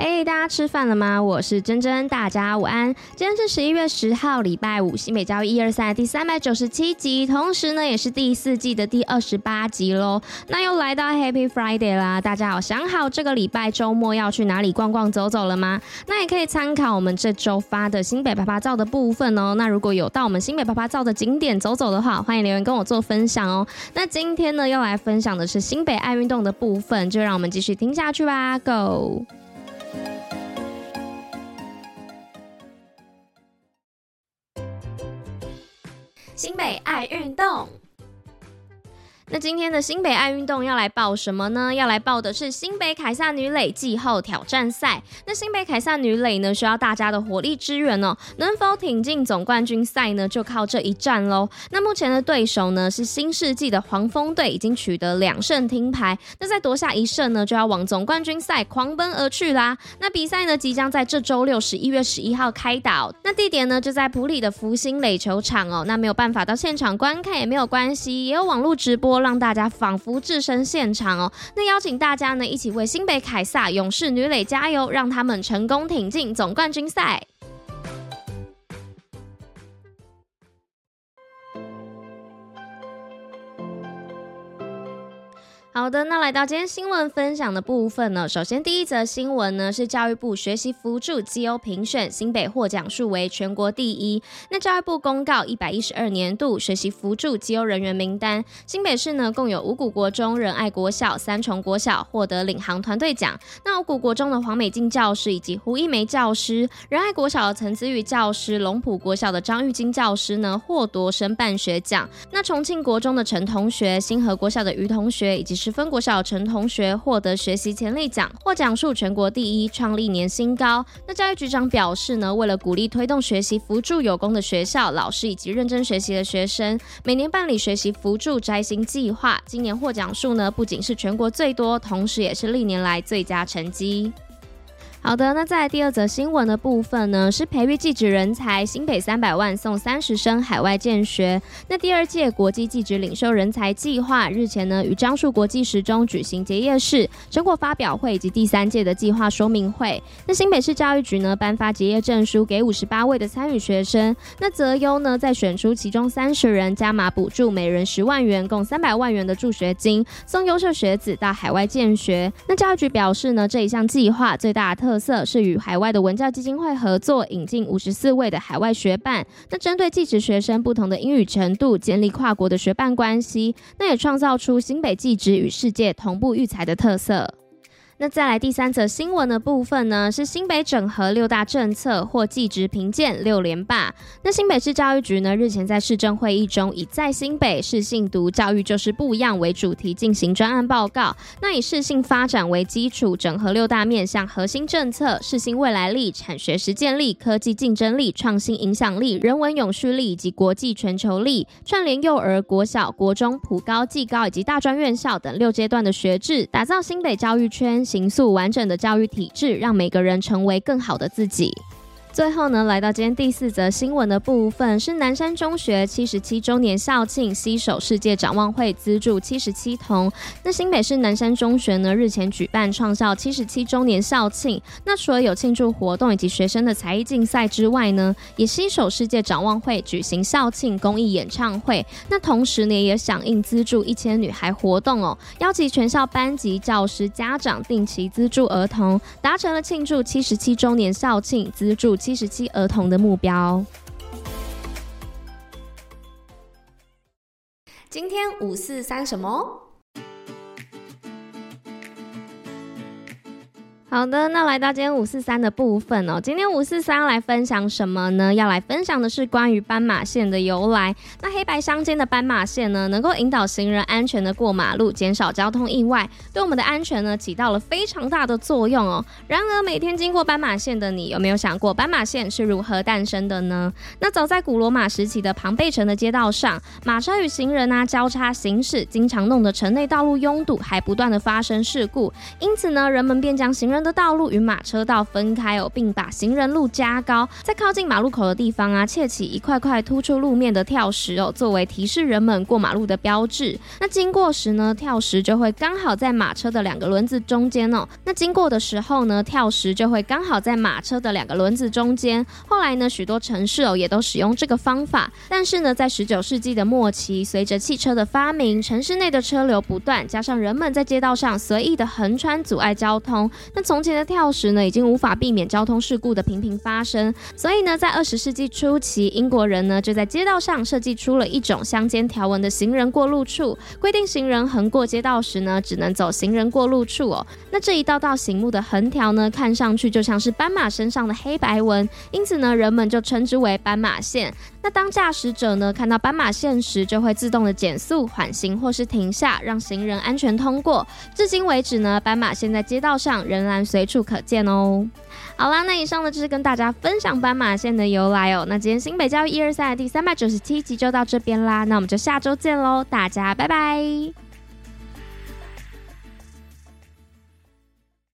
嘿，hey, 大家吃飯了嗎？我是珍珍，大家午安。今天是十一月十號，禮拜五，新北教育一二三第三百九十七集，同時呢也是第四季的第二十八集嘍。那又來到 Happy Friday 啦，大家好，想好這個禮拜周末要去哪裡逛逛走走了嗎？那也可以參考我們這周發的新北爸爸照的部分哦。那如果有到我們新北爸爸照的景點走走的話，歡迎留言跟我做分享哦。那今天呢，要來分享的是新北愛運動的部分，就讓我們繼續聽下去吧，Go。新北愛運動。那今天的新北愛運動要來報什麼呢？要來報的是新北凱撒女壘季後挑戰賽。那新北凱撒女壘呢，需要大家的火力支援哦、喔。能否挺進總冠軍賽呢？就靠這一戰嘍。那目前的對手呢，是新世紀的黃蜂隊，已經取得兩勝聽牌。那再奪下一勝呢，就要往總冠軍賽狂奔而去啦。那比賽呢，即將在這周六十一月十一號開打、喔。那地點呢，就在埔里的福星壘球場哦、喔。那沒有辦法到現場觀看也沒有關係，也有網絡直播。讓大家仿佛置身現場哦。那邀請大家呢，一起為新北凱撒勇士女壘加油，讓她們成功挺進總冠軍賽。好的，那來到今天新聞分享的部分呢。首先，第一則新聞呢是教育部學習扶助績優評選，新北獲獎數為全國第一。那教育部公告一百一十二年度學習扶助績優人員名單，新北市呢共有五股國中、仁愛國小、三重國小獲得領航團隊獎。那五股國中的黃美靜教師以及胡一梅教師，仁愛國小的陳子玉教師，龍埔國小的張玉金教師呢，獲得申辦學獎。那重慶國中的陳同學、新和國小的余同學以及。分國小陳同學獲得學習潛力獎，獲獎數全國第一，創歷年新高。那教育局長表示呢，為了鼓勵推動學習扶助有功的學校、老師以及認真學習的學生，每年辦理學習扶助摘星計劃。今年獲獎數呢，不僅是全國最多，同時也是歷年來最佳成績。好的，那在第二則新聞的部分呢，是培育技職人才，新北三百萬送三十生海外見學。那第二屆國際技職領袖人才計劃日前呢，與樟樹國際十中舉行結業式，成果發表會以及第三屆的計劃說明會。那新北市教育局呢，頒發結業證書給五十八位的參與學生。那擇優呢，再選出其中三十人，加碼補助每人十萬元，共三百萬元的助學金，送優秀學子到海外見學。那教育局表示呢，這一項計劃最大的特。特色是與海外的文教基金會合作，引進五十四位的海外學伴。那針對技職學生不同的英語程度，建立跨國的學伴關係，那也創造出新北技職與世界同步育才的特色。那再來第三則新聞的部分呢，是新北整合六大政策獲技職評鑑，六連霸。那新北市教育局呢，日前在市政會議中，以在新北適性讀教育就是不一樣為主題進行專案報告。那以適性發展為基礎，整合六大面向核心政策，適性未來力、產學實踐力、科技競爭力、創新影響力、人文永續力以及國際全球力，串聯幼兒、國小、國中、普高、技高以及大專院校等六階段的學制，打造新北教育圈。形塑完整的教育體制，讓每個人成為更好的自己。最後呢，來到今天第四則新聞的部分，是南山中學七十七周年校慶，攜手世界展望會資助七十七童。那新北市南山中學呢，日前舉辦創校七十七周年校慶。那除了有慶祝活動以及學生的才藝競賽之外呢，也攜手世界展望會舉行校慶公益演唱會。那同時呢，也響應資助一千女孩活動哦，邀集全校班級、教師、家長定期資助兒童，達成了慶祝七十七周年校慶資助七十七兒童的目標，今天五四三什麼？好的，那來到今天五四三的部分哦。今天五四三要來分享什麼呢？要來分享的是關於斑馬線的由來。那黑白相間的斑馬線呢，能夠引導行人安全地過馬路，減少交通意外，對我們的安全呢起到了非常大的作用哦。然而，每天經過斑馬線的你，有沒有想過斑馬線是如何誕生的呢？那早在古羅馬時期的龐貝城的街道上，馬車與行人呢、啊，交叉行駛，經常弄得城內道路擁堵，還不斷地發生事故。因此呢，人們便將行人的道路與馬車道分開哦，並把行人路加高，在靠近馬路口的地方啊，砌起一塊塊突出路面的跳石哦，作為提示人們過馬路的標誌。那經過時呢，跳石就會剛好在馬車的兩個輪子中間哦。那經過的時候呢，跳石就會剛好在馬車的兩個輪子中間。後來呢，許多城市哦也都使用這個方法，但是呢，在十九世紀的末期，隨着汽車的發明，城市內的車流不斷，加上人們在街道上隨意的橫穿，阻礙交通，那從前的跳石呢，已經無法避免交通事故的頻頻發生，所以呢，在二十世紀初期，英國人呢就在街道上設計出了一種相間條紋的行人過路處，規定行人橫過街道時呢，只能走行人過路處哦。那這一道道醒目的橫條呢，看上去就像是斑馬身上的黑白紋，因此呢，人們就稱之為斑馬線。那當駕駛者呢，看到斑馬線時，就會自動的減速、緩行或是停下，讓行人安全通過。至今為止呢，斑馬線在街道上仍然隨處可見哦。好啦，那以上呢就是跟大家分享斑馬線的由來哦、喔。那今天新北教育123的第三百九十七集就到這邊啦，那我們就下周見嘍，大家拜拜。